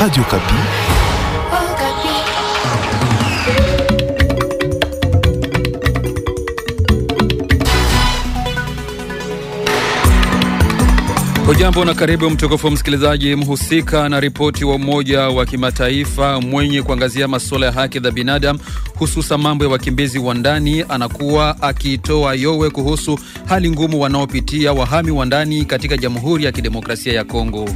Radio Kapi. Hujambo na karibu mtukufu msikilizaji. Mhusika na ripoti wa Umoja wa Kimataifa mwenye kuangazia masuala ya haki za binadamu hususan mambo ya wakimbizi wa ndani anakuwa akiitoa yowe kuhusu hali ngumu wanaopitia wahami wa ndani katika Jamhuri ya Kidemokrasia ya Kongo.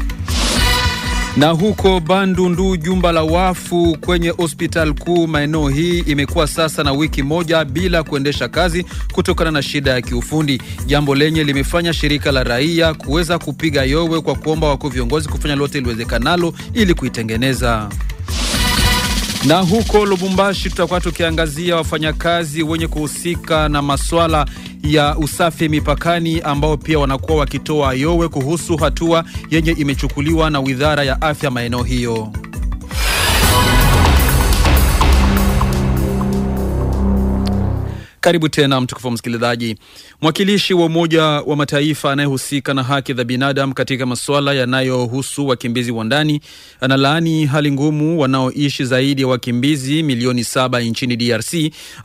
Na huko Bandundu, jumba la wafu kwenye hospitali kuu maeneo hii imekuwa sasa na wiki moja bila kuendesha kazi kutokana na shida ya kiufundi, jambo lenye limefanya shirika la raia kuweza kupiga yowe kwa kuomba wakuu viongozi kufanya lote iliwezekanalo ili kuitengeneza na huko Lubumbashi tutakuwa tukiangazia wafanyakazi wenye kuhusika na maswala ya usafi mipakani ambao pia wanakuwa wakitoa yowe kuhusu hatua yenye imechukuliwa na Wizara ya Afya maeneo hiyo. Karibu tena mtukufu msikilizaji. Mwakilishi wa Umoja wa Mataifa anayehusika na haki za binadamu katika masuala yanayohusu wakimbizi wa ndani analaani hali ngumu wanaoishi zaidi ya wakimbizi milioni saba nchini DRC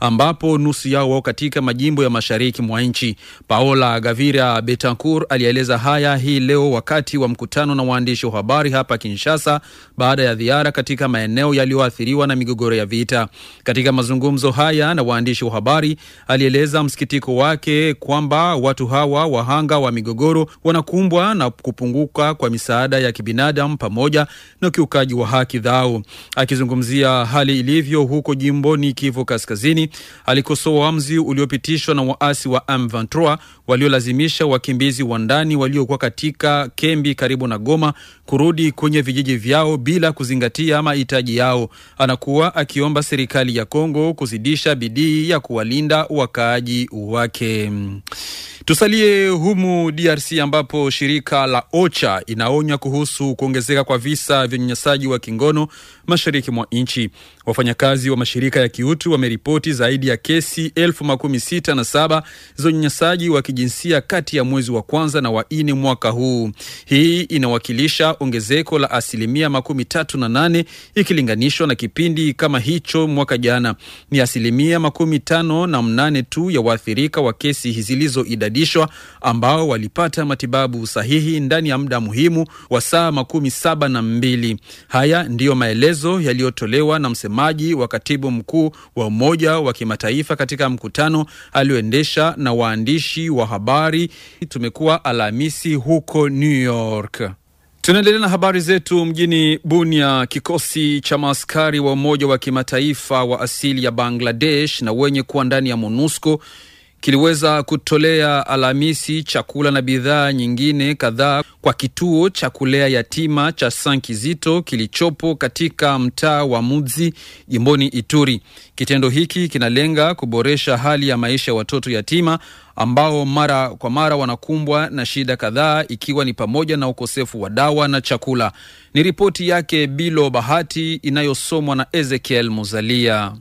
ambapo nusu yao wao katika majimbo ya mashariki mwa nchi. Paola Gavira Betancourt alieleza haya hii leo wakati wa mkutano na waandishi wa habari hapa Kinshasa baada ya ziara katika maeneo yaliyoathiriwa na migogoro ya vita. Katika mazungumzo haya na waandishi wa habari alieleza msikitiko wake kwamba watu hawa wahanga wa migogoro wanakumbwa na kupunguka kwa misaada ya kibinadamu pamoja na ukiukaji wa haki dhao Akizungumzia hali ilivyo huko jimboni Kivu Kaskazini, alikosoa amzi uliopitishwa na waasi wa M23 waliolazimisha wakimbizi wa ndani waliokuwa katika kembi karibu na Goma kurudi kwenye vijiji vyao bila kuzingatia mahitaji yao. Anakuwa akiomba serikali ya Kongo kuzidisha bidii ya kuwalinda la wakaaji wake. Tusalie humu DRC ambapo shirika la OCHA inaonya kuhusu kuongezeka kwa visa vya unyanyasaji wa kingono mashariki mwa nchi. Wafanyakazi wa mashirika ya kiutu wameripoti zaidi ya kesi elfu makumi sita na saba za unyanyasaji wa kijinsia kati ya mwezi wa kwanza na wa nne mwaka huu. Hii inawakilisha ongezeko la asilimia makumi tatu na nane ikilinganishwa na kipindi kama hicho mwaka jana. Ni asilimia makumi tano na mnane tu ya waathirika wa kesi zilizoidadishwa ambao walipata matibabu sahihi ndani ya muda muhimu wa saa makumi saba na mbili. Haya ndiyo maelezo yaliyotolewa na msema msemaji wa katibu mkuu wa Umoja wa Kimataifa katika mkutano alioendesha na waandishi wa habari. Tumekuwa Alhamisi huko New York. Tunaendelea na habari zetu mjini Bunia. Kikosi cha maaskari wa Umoja wa Kimataifa wa asili ya Bangladesh na wenye kuwa ndani ya MONUSCO kiliweza kutolea Alhamisi chakula na bidhaa nyingine kadhaa kwa kituo cha kulea yatima cha Kizito kilichopo katika mtaa wa Mudzi jimboni Ituri. Kitendo hiki kinalenga kuboresha hali ya maisha ya watoto yatima ambao mara kwa mara wanakumbwa na shida kadhaa ikiwa ni pamoja na ukosefu wa dawa na chakula. Ni ripoti yake Bilo Bahati inayosomwa na Ezekiel Muzalia.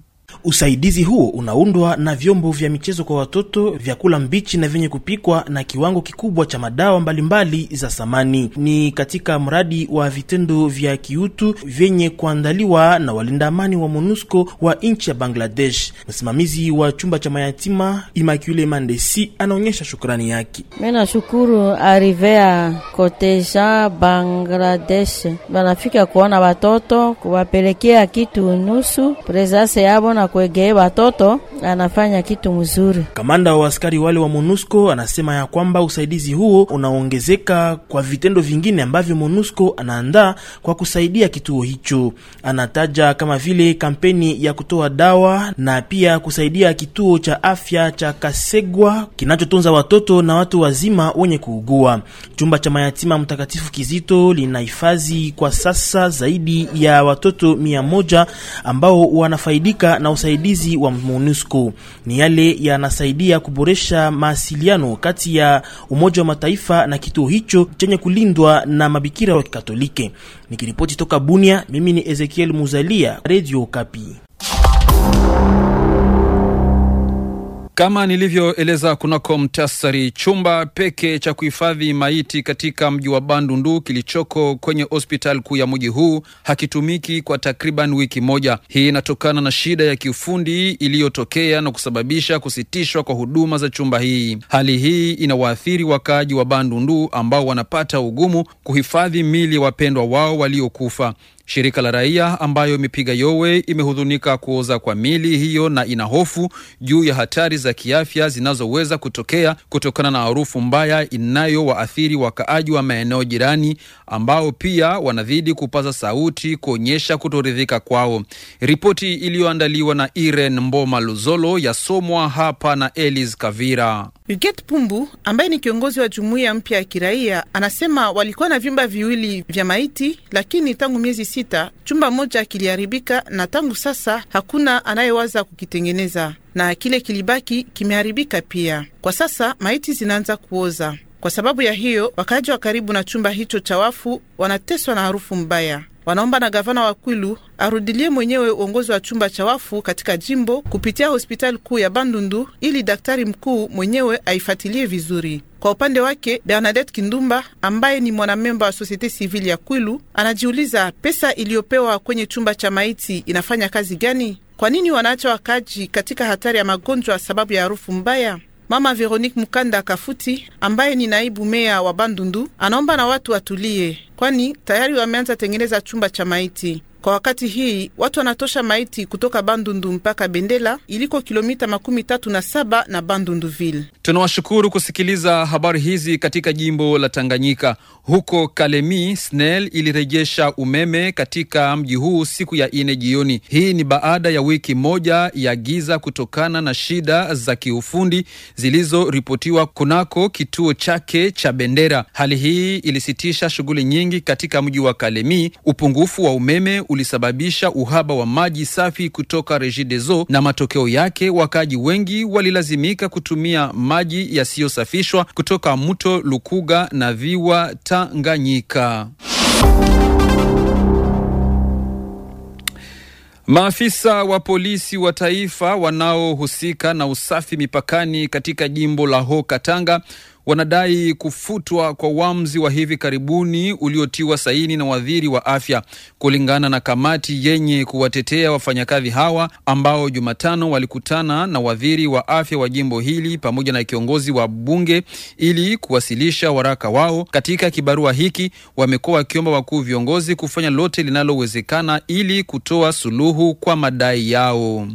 Usaidizi huo unaundwa na vyombo vya michezo kwa watoto, vyakula mbichi na vyenye kupikwa na kiwango kikubwa cha madawa mbalimbali mbali za samani. Ni katika mradi wa vitendo vya kiutu vyenye kuandaliwa na walinda amani wa MONUSCO wa nchi ya Bangladesh. Msimamizi wa chumba cha mayatima Imakule Mandesi anaonyesha shukrani yake. Mi nashukuru Arivea Koteja Bangladesh, banafika kuona watoto kuwapelekea kitu nusu presase yabo na na kuegee watoto anafanya kitu mzuri. Kamanda wa askari wale wa MONUSCO anasema ya kwamba usaidizi huo unaongezeka kwa vitendo vingine ambavyo MONUSCO anaandaa kwa kusaidia kituo hicho. Anataja kama vile kampeni ya kutoa dawa na pia kusaidia kituo cha afya cha Kasegwa kinachotunza watoto na watu wazima wenye kuugua. Chumba cha mayatima Mtakatifu Kizito linahifadhi kwa sasa zaidi ya watoto mia moja ambao wanafaidika na usaidizi wa MONUSCO. MONUSCO ni yale yanasaidia kuboresha mawasiliano kati ya Umoja wa Mataifa na kituo hicho chenye kulindwa na mabikira wa kikatolike Nikiripoti toka Bunia, mimi ni Ezekiel Muzalia, Radio Kapi. Kama nilivyoeleza kunako mtasari, chumba pekee cha kuhifadhi maiti katika mji wa Bandundu kilichoko kwenye hospitali kuu ya mji huu hakitumiki kwa takriban wiki moja. Hii inatokana na shida ya kiufundi iliyotokea na kusababisha kusitishwa kwa huduma za chumba hii. Hali hii inawaathiri wakaaji wa Bandundu ambao wanapata ugumu kuhifadhi mili wapendwa wao waliokufa. Shirika la raia ambayo imepiga yowe imehudhunika kuoza kwa mili hiyo na ina hofu juu ya hatari za kiafya zinazoweza kutokea kutokana na harufu mbaya inayowaathiri wakaaji wa maeneo jirani ambao pia wanazidi kupaza sauti kuonyesha kutoridhika kwao. Ripoti iliyoandaliwa na Irene Mboma Luzolo yasomwa hapa na Elis Kavira. Brigitte Pumbu ambaye ni kiongozi wa jumuiya mpya ya kiraia anasema walikuwa na vyumba viwili vya maiti, lakini tangu miezi sita. Chumba moja kiliharibika na tangu sasa hakuna anayewaza kukitengeneza, na kile kilibaki kimeharibika pia. Kwa sasa maiti zinaanza kuoza. Kwa sababu ya hiyo, wakaaji wa karibu na chumba hicho cha wafu wanateswa na harufu mbaya. Wanaomba na gavana wa Kwilu arudilie mwenyewe uongozi wa chumba cha wafu katika jimbo kupitia hospitali kuu ya Bandundu ili daktari mkuu mwenyewe aifatilie vizuri. Kwa upande wake Bernadette Kindumba ambaye ni mwanamemba wa Societe Civile ya Kwilu anajiuliza pesa iliyopewa kwenye chumba cha maiti inafanya kazi gani? Kwa nini wanaacha wakaji katika hatari ya magonjwa sababu ya harufu mbaya? Mama Veronique Mukanda Kafuti ambaye ni naibu meya wa Bandundu anaomba na watu watulie, kwani tayari wameanza tengeneza chumba cha maiti. Kwa wakati hii watu wanatosha maiti kutoka Bandundu mpaka Bendela iliko kilomita makumi tatu na saba na Bandundu ville. Tunawashukuru kusikiliza habari hizi katika jimbo la Tanganyika. Huko Kalemi, SNEL ilirejesha umeme katika mji huu siku ya ine jioni. Hii ni baada ya wiki moja ya giza kutokana na shida za kiufundi zilizoripotiwa kunako kituo chake cha Bendera. Hali hii ilisitisha shughuli nyingi katika mji wa Kalemi. Upungufu wa umeme ulisababisha uhaba wa maji safi kutoka Regideso, na matokeo yake wakaaji wengi walilazimika kutumia maji yasiyosafishwa kutoka mto Lukuga na viwa Tanganyika. Maafisa wa polisi wa taifa wanaohusika na usafi mipakani katika jimbo la Haut Katanga wanadai kufutwa kwa uamuzi wa hivi karibuni uliotiwa saini na waziri wa afya. Kulingana na kamati yenye kuwatetea wafanyakazi hawa ambao Jumatano walikutana na waziri wa afya wa jimbo hili pamoja na kiongozi wa bunge ili kuwasilisha waraka wao. Katika kibarua hiki, wamekuwa wakiomba wakuu viongozi kufanya lote linalowezekana ili kutoa suluhu kwa madai yao.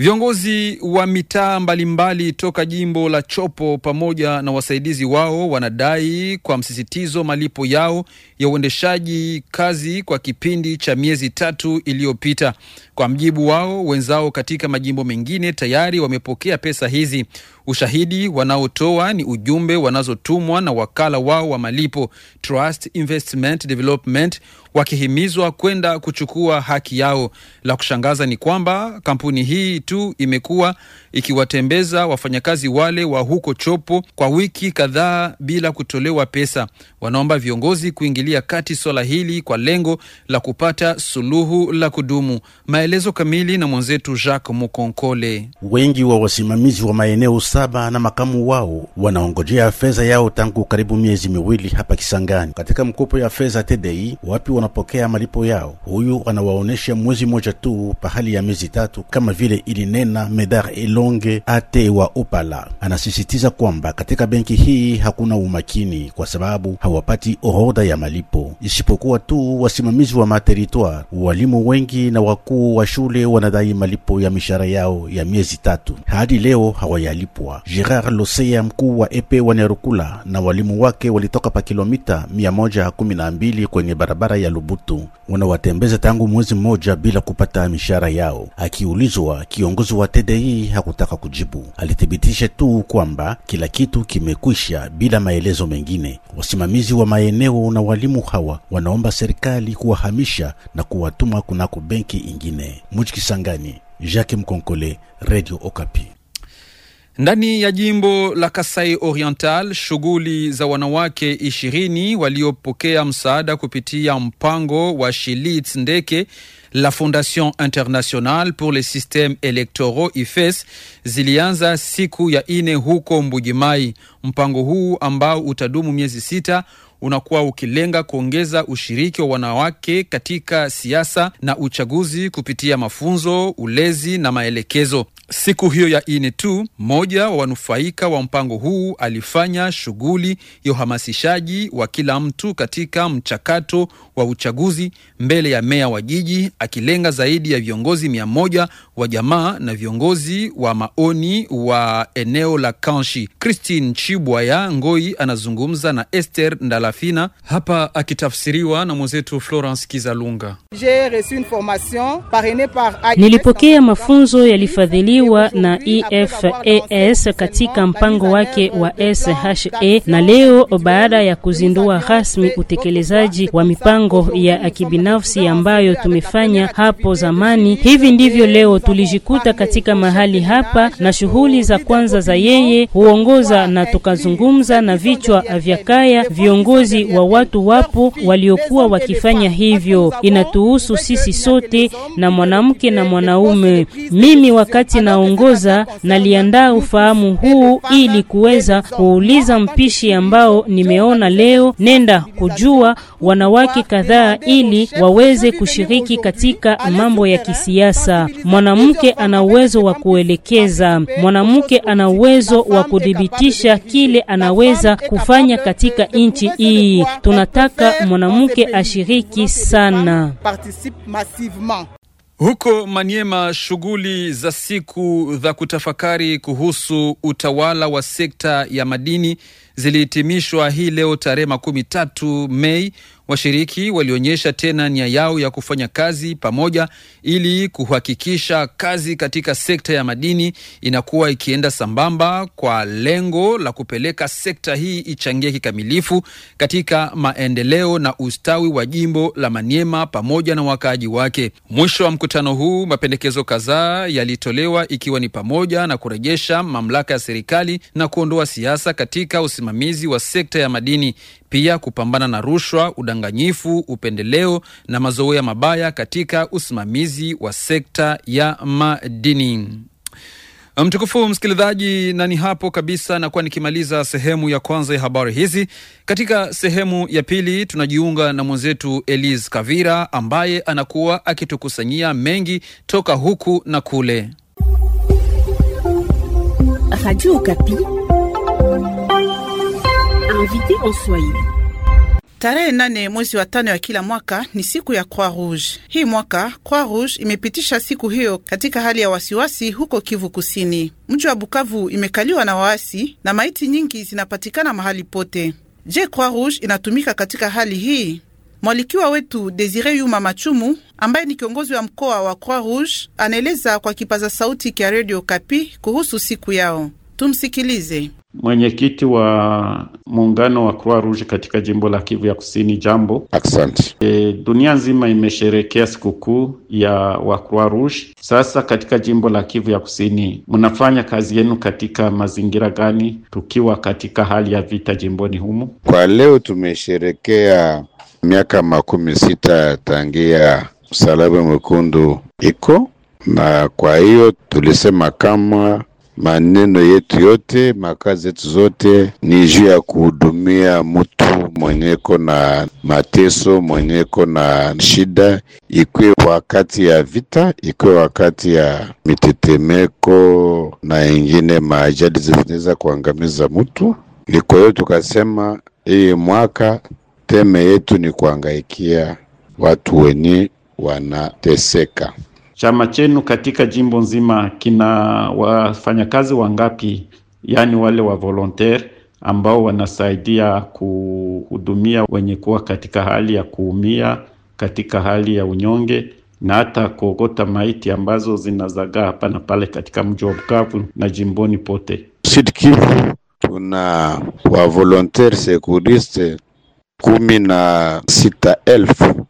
Viongozi wa mitaa mbalimbali toka jimbo la Chopo pamoja na wasaidizi wao wanadai kwa msisitizo malipo yao ya uendeshaji kazi kwa kipindi cha miezi tatu iliyopita. Kwa mjibu wao, wenzao katika majimbo mengine tayari wamepokea pesa hizi. Ushahidi wanaotoa ni ujumbe wanazotumwa na wakala wao wa malipo Trust Investment Development, wakihimizwa kwenda kuchukua haki yao. La kushangaza ni kwamba kampuni hii tu imekuwa ikiwatembeza wafanyakazi wale wa huko Chopo kwa wiki kadhaa bila kutolewa pesa. Wanaomba viongozi kuingilia kati swala hili kwa lengo la kupata suluhu la kudumu. Maele Maelezo kamili na mwenzetu Jacques Mukonkole. Wengi wa wasimamizi wa maeneo saba na makamu wao wanaongojea fedha yao tangu karibu miezi miwili hapa Kisangani, katika mkopo ya fedha TDI wapi wanapokea malipo yao. Huyu anawaonesha mwezi mmoja tu pahali ya miezi tatu, kama vile ilinena Medar Elonge ate wa Opala. Anasisitiza kwamba katika benki hii hakuna umakini kwa sababu hawapati orodha ya malipo isipokuwa tu wasimamizi wa materitoire, walimu wengi na wakuu wakuu wa shule wanadai malipo ya mishahara yao ya miezi tatu, hadi leo hawayalipwa. Gerard Losea, mkuu wa Epe e wa Nyarukula, na walimu wake walitoka pa kilomita mia moja kumi na mbili kwenye barabara ya Lubutu, wanawatembeza tangu mwezi mmoja bila kupata mishahara yao. Akiulizwa, kiongozi wa TDI e hakutaka kujibu, alithibitisha tu kwamba kila kitu kimekwisha bila maelezo mengine. Wasimamizi wa maeneo na walimu hawa wanaomba serikali kuwahamisha na kuwatuma kunako benki ingine. Ine Muchikisangani, Jacques Mkonkole, Radio Okapi. Ndani ya jimbo la Kasai Oriental, shughuli za wanawake ishirini waliopokea msaada kupitia mpango wa Shilit Ndeke la Fondation Internationale pour le Systeme Electoraux IFES zilianza siku ya ine huko Mbujimai. Mpango huu ambao utadumu miezi sita unakuwa ukilenga kuongeza ushiriki wa wanawake katika siasa na uchaguzi kupitia mafunzo, ulezi na maelekezo. Siku hiyo ya ini tu, mmoja wa wanufaika wa mpango huu alifanya shughuli ya uhamasishaji wa kila mtu katika mchakato wa uchaguzi mbele ya meya wa jiji, akilenga zaidi ya viongozi mia moja wa jamaa na viongozi wa maoni wa eneo la Kanshi. Christine Chibwaya Ngoi anazungumza na Esther Ndalafina hapa akitafsiriwa na mwenzetu Florence Kizalunga. Nilipokea mafunzo yalifadhiliwa na EFAS e katika mpango wake wa SHA e. na leo baada ya kuzindua rasmi utekelezaji wa mipango ya kibinafsi ambayo tumefanya hapo zamani, hivi ndivyo leo tulijikuta katika mahali hapa, na shughuli za kwanza za yeye huongoza, na tukazungumza na vichwa vya kaya, viongozi wa watu wapo waliokuwa wakifanya hivyo. Inatuhusu sisi sote, na mwanamke na mwanaume. Mimi wakati naongoza, naliandaa ufahamu huu ili kuweza kuuliza mpishi ambao nimeona leo, nenda kujua wanawake kadhaa ili waweze kushiriki katika mambo ya kisiasa Mwana mwanamke ana uwezo wa kuelekeza, mwanamke ana uwezo wa kudhibitisha kile anaweza kufanya katika nchi hii. Tunataka mwanamke ashiriki sana. Huko Maniema, shughuli za siku za kutafakari kuhusu utawala wa sekta ya madini zilihitimishwa hii leo tarehe makumi tatu Mei Washiriki walionyesha tena nia yao ya kufanya kazi pamoja ili kuhakikisha kazi katika sekta ya madini inakuwa ikienda sambamba kwa lengo la kupeleka sekta hii ichangie kikamilifu katika maendeleo na ustawi wa jimbo la Maniema pamoja na wakaaji wake. Mwisho wa mkutano huu, mapendekezo kadhaa yalitolewa ikiwa ni pamoja na kurejesha mamlaka ya serikali na kuondoa siasa katika usimamizi wa sekta ya madini pia kupambana na rushwa, udanganyifu, upendeleo na mazoea mabaya katika usimamizi wa sekta ya madini. Mtukufu msikilizaji, na ni hapo kabisa nakuwa nikimaliza sehemu ya kwanza ya habari hizi. Katika sehemu ya pili, tunajiunga na mwenzetu elis Kavira ambaye anakuwa akitukusanyia mengi toka huku na kule. Radio invité en Swahili. Tarehe nane mwezi wa tano ya kila mwaka ni siku ya Croix Rouge. Hii mwaka Croix Rouge imepitisha siku hiyo katika hali ya wasiwasi huko Kivu Kusini. Mji wa Bukavu imekaliwa na waasi na maiti nyingi zinapatikana mahali pote. Je, Croix Rouge inatumika katika hali hii? Mwalikiwa wetu Desire Yuma Machumu, ambaye ni kiongozi wa mkoa wa Croix Rouge, anaeleza kwa kipaza sauti kya redio Kapi kuhusu siku yao. Tumsikilize. Mwenyekiti wa muungano wa Croix Rouge katika jimbo la Kivu ya Kusini, jambo. Asante. E, dunia nzima imesherekea sikukuu ya wa Croix Rouge. Sasa katika jimbo la Kivu ya Kusini, mnafanya kazi yenu katika mazingira gani, tukiwa katika hali ya vita jimboni humo Kwa leo tumesherekea miaka makumi sita tangia msalaba mwekundu iko, na kwa hiyo tulisema kama Maneno yetu yote, makazi yetu zote ni juu ya kuhudumia mtu mwenyeko na mateso, mwenyeko na shida, ikiwe wakati ya vita, ikiwe wakati ya mitetemeko na ingine maajali zinaweza kuangamiza mtu. Ni kwa hiyo tukasema hii mwaka teme yetu ni kuangaikia watu wenye wanateseka chama chenu katika jimbo nzima kina wafanyakazi wangapi, yaani wale wa volontaire ambao wanasaidia kuhudumia wenye kuwa katika hali ya kuumia, katika hali ya unyonge na hata kuogota maiti ambazo zinazagaa hapa na pale katika mji wa Bukavu na jimboni pote Sud Kivu. Tuna wa volontaire securiste kumi na sita elfu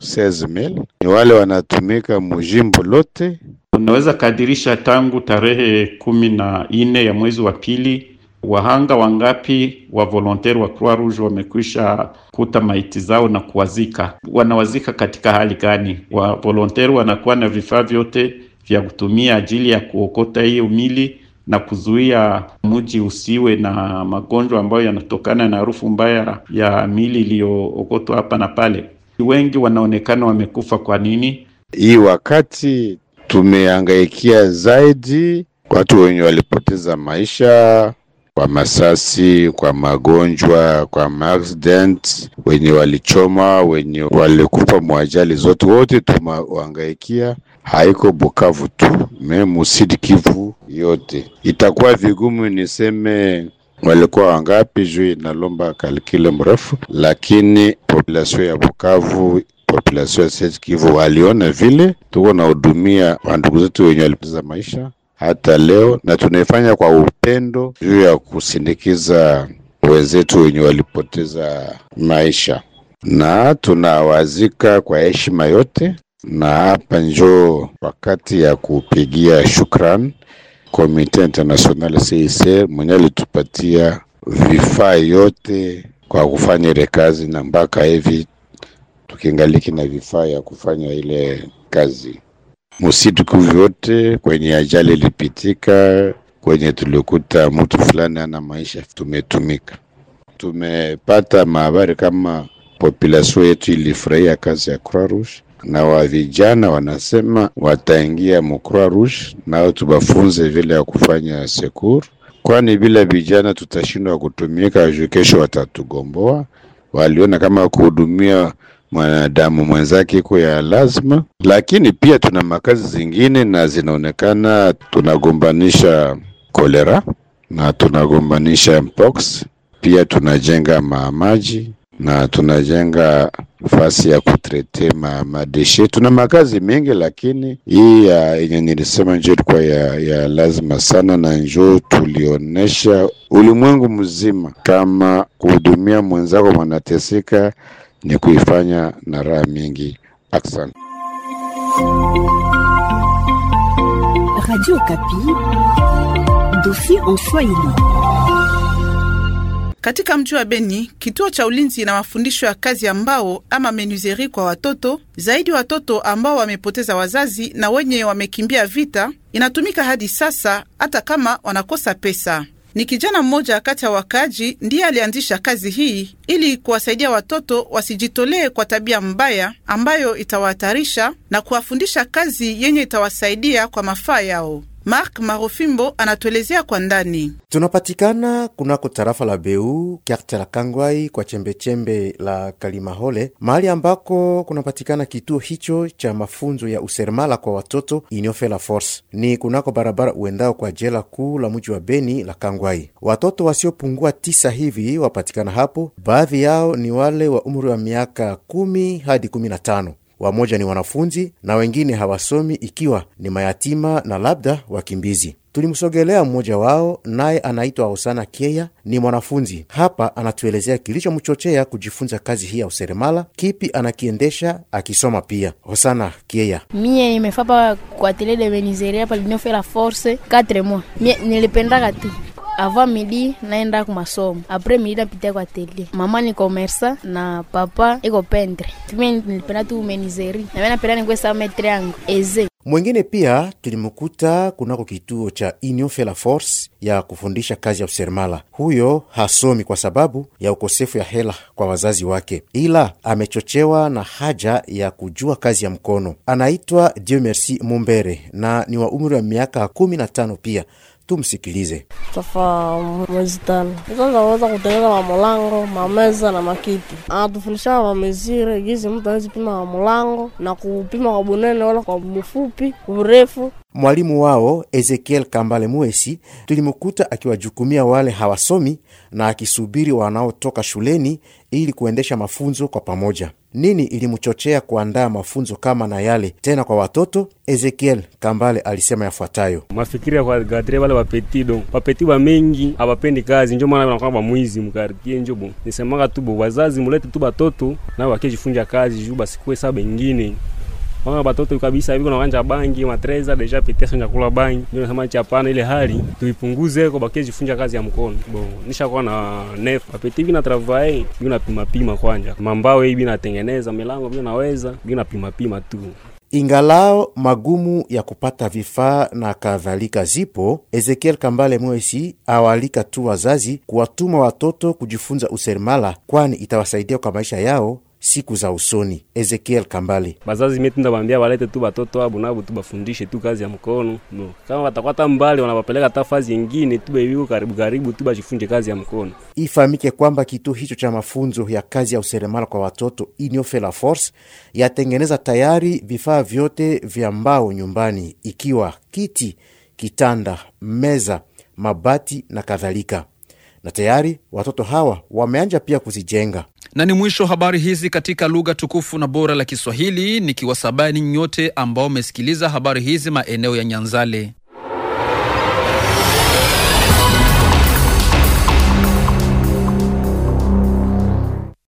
ni wale wanatumika mujimbo lote. Unaweza kadirisha tangu tarehe kumi na nne ya mwezi wa pili wahanga wangapi wa volontaire wa Croix Rouge wamekwisha kuta maiti zao na kuwazika? Wanawazika katika hali gani? Wa volontaire wanakuwa na vifaa vyote vya kutumia ajili ya kuokota hiyo mili na kuzuia mji usiwe na magonjwa ambayo yanatokana na harufu mbaya ya mili iliyookotwa hapa na pale. Wengi wanaonekana wamekufa. Kwa nini hii wakati tumehangaikia zaidi watu wenye walipoteza maisha kwa masasi, kwa magonjwa, kwa accident, wenye walichoma, wenye walikufa mwajali zote, wote tumewangaikia haiko Bukavu tu me musidi Kivu yote. Itakuwa vigumu niseme walikuwa wangapi juu inalomba kalikile mrefu, lakini population ya Bukavu population ya Kivu waliona vile tuko na hudumia wandugu zetu wenye walipoteza maisha hata leo, na tunaifanya kwa upendo juu ya kusindikiza wenzetu wenye walipoteza maisha, na tunawazika kwa heshima yote na hapa njoo wakati ya kupigia shukran Komite International cc mwenye alitupatia vifaa yote kwa kufanya ile kazi, na mpaka hivi tukingaliki na vifaa ya kufanya ile kazi. Msitu kuvyote kwenye ajali ilipitika, kwenye tulikuta mtu fulani ana maisha, tumetumika tumepata mahabari kama population yetu ilifurahia kazi ya Croix Rouge na wa vijana wanasema wataingia mukra rouge, nao tubafunze vile ya kufanya sekur, kwani bila vijana tutashindwa kutumika, kesho watatugomboa. Waliona kama kuhudumia mwanadamu mwenzake iko ya lazima, lakini pia tuna makazi zingine na zinaonekana tunagombanisha kolera na tunagombanisha mpox, pia tunajenga maamaji na tunajenga fasi ya kutrete ma madeshe. Tuna makazi mengi, lakini hii yenye nilisema njo ilikuwa ya, ya lazima sana, na njo tulionyesha ulimwengu mzima kama kuhudumia mwenzako mwanateseka ni kuifanya na raha mingi. Aksan Radio Kapi, dossier en Swahili. Katika mji wa Beni, kituo cha ulinzi na mafundisho ya kazi ya mbao ama menuzeri kwa watoto, zaidi watoto ambao wamepoteza wazazi na wenye wamekimbia vita, inatumika hadi sasa, hata kama wanakosa pesa. Ni kijana mmoja kati ya wakaaji ndiye alianzisha kazi hii ili kuwasaidia watoto wasijitolee kwa tabia mbaya ambayo itawahatarisha na kuwafundisha kazi yenye itawasaidia kwa mafaa yao. Mark Marofimbo anatuelezea kwa ndani. Tunapatikana kunako tarafa la Beu, karte la Kangwai, kwa chembechembe -chembe la Kalimahole, mahali ambako kunapatikana kituo hicho cha mafunzo ya useremala kwa watoto la Force. Ni kunako barabara uendao kwa jela kuu la mji wa Beni la Kangwai. Watoto wasiopungua tisa hivi wapatikana hapo, baadhi yao ni wale wa umri wa miaka kumi hadi kumi na tano wamoja ni wanafunzi na wengine hawasomi, ikiwa ni mayatima na labda wakimbizi. Tulimsogelea mmoja wao, naye anaitwa Hosana Keya, ni mwanafunzi hapa. Anatuelezea kilichomchochea kujifunza kazi hii ya useremala, kipi anakiendesha akisoma pia. Hosana Keya: mie nimefapa kwa venizeria palinofela force 4 mois, mie nilipendaka tu Avant midi naenda ku masomo, apres midi napitia kwa atelier. Mama ni komersa na papa iko pendre. Mimi nilipenda tu menizeri na mimi napenda nikwe sawa metre yangu eze. Mwengine pia tulimkuta kunako kituo cha Union fela Force ya kufundisha kazi ya useremala. Huyo hasomi kwa sababu ya ukosefu ya hela kwa wazazi wake, ila amechochewa na haja ya kujua kazi ya mkono. Anaitwa Dieu Merci Mumbere na ni wa umri wa miaka kumi na tano pia Tumsikilize. Safa mwezi tano kwanza aweza kutengeza mamulango, mameza na makiti. Anatufundisha mamezire, gizi mtu anawezi pima mamulango na kupima kwa bunene wala kwa mfupi, urefu Mwalimu wao Ezekiel Kambale Muesi tulimukuta akiwajukumia wale hawasomi na akisubiri wanaotoka shuleni ili kuendesha mafunzo kwa pamoja. Nini ilimchochea kuandaa mafunzo kama na yale tena kwa watoto? Ezekiel Kambale alisema yafuatayo: mafikiri ya gadre wale wapeti do wapeti wa mengi awapendi kazi, njo maana wanakuwa bamwizi mkartie njobo nisemaka tubo wazazi mulete tu batoto nao wakejifunja kazi juu basikuwe saa bengine Mama batoto kabisa hivi kuna wanja bangi matreza deja pitesa sonja kula bangi, ndio nasema pana ile hali tuipunguze, kwa bakia jifunja kazi ya mkono bo nisha kwa na nef apeti hivi na travail hivi na pima pima kwanja mambawe hivi natengeneza milango hivi naweza hivi na pima pima tu ingalao magumu ya kupata vifaa na kadhalika zipo. Ezekiel Kambale Mwesi awalika tu wazazi kuwatuma watoto kujifunza useremala, kwani itawasaidia kwa maisha yao siku za usoni. Ezekiel Kambale: bazazi mie tunabambia balete tu batoto abu nabu tu bafundishe tu kazi ya mkono no. Kama watakwata mbali wanabapeleka wanawapeleka tafazi yengine tubeviko karibu karibu tu bajifunje kazi ya mkono. Ifahamike kwamba kituo hicho cha mafunzo ya kazi ya useremala kwa watoto Iniofe la Force yatengeneza tayari vifaa vyote vya mbao nyumbani, ikiwa kiti, kitanda, meza, mabati na kadhalika, na tayari watoto hawa wameanja pia kuzijenga. Na ni mwisho habari hizi katika lugha tukufu na bora la Kiswahili, nikiwasabani nyote ambao mmesikiliza habari hizi maeneo ya Nyanzale.